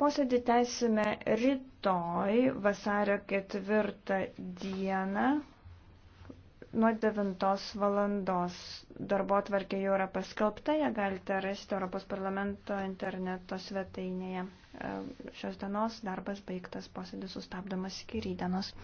Posėdį tęsime rytoj, vasario ketvirtą dieną, nuo 9 valandos. Darbo atvarkė jau yra paskelbta, ją galite rasti Europos parlamento interneto svetainėje. Šios dienos darbas baigtas, posėdis sustabdomas iki rydienos.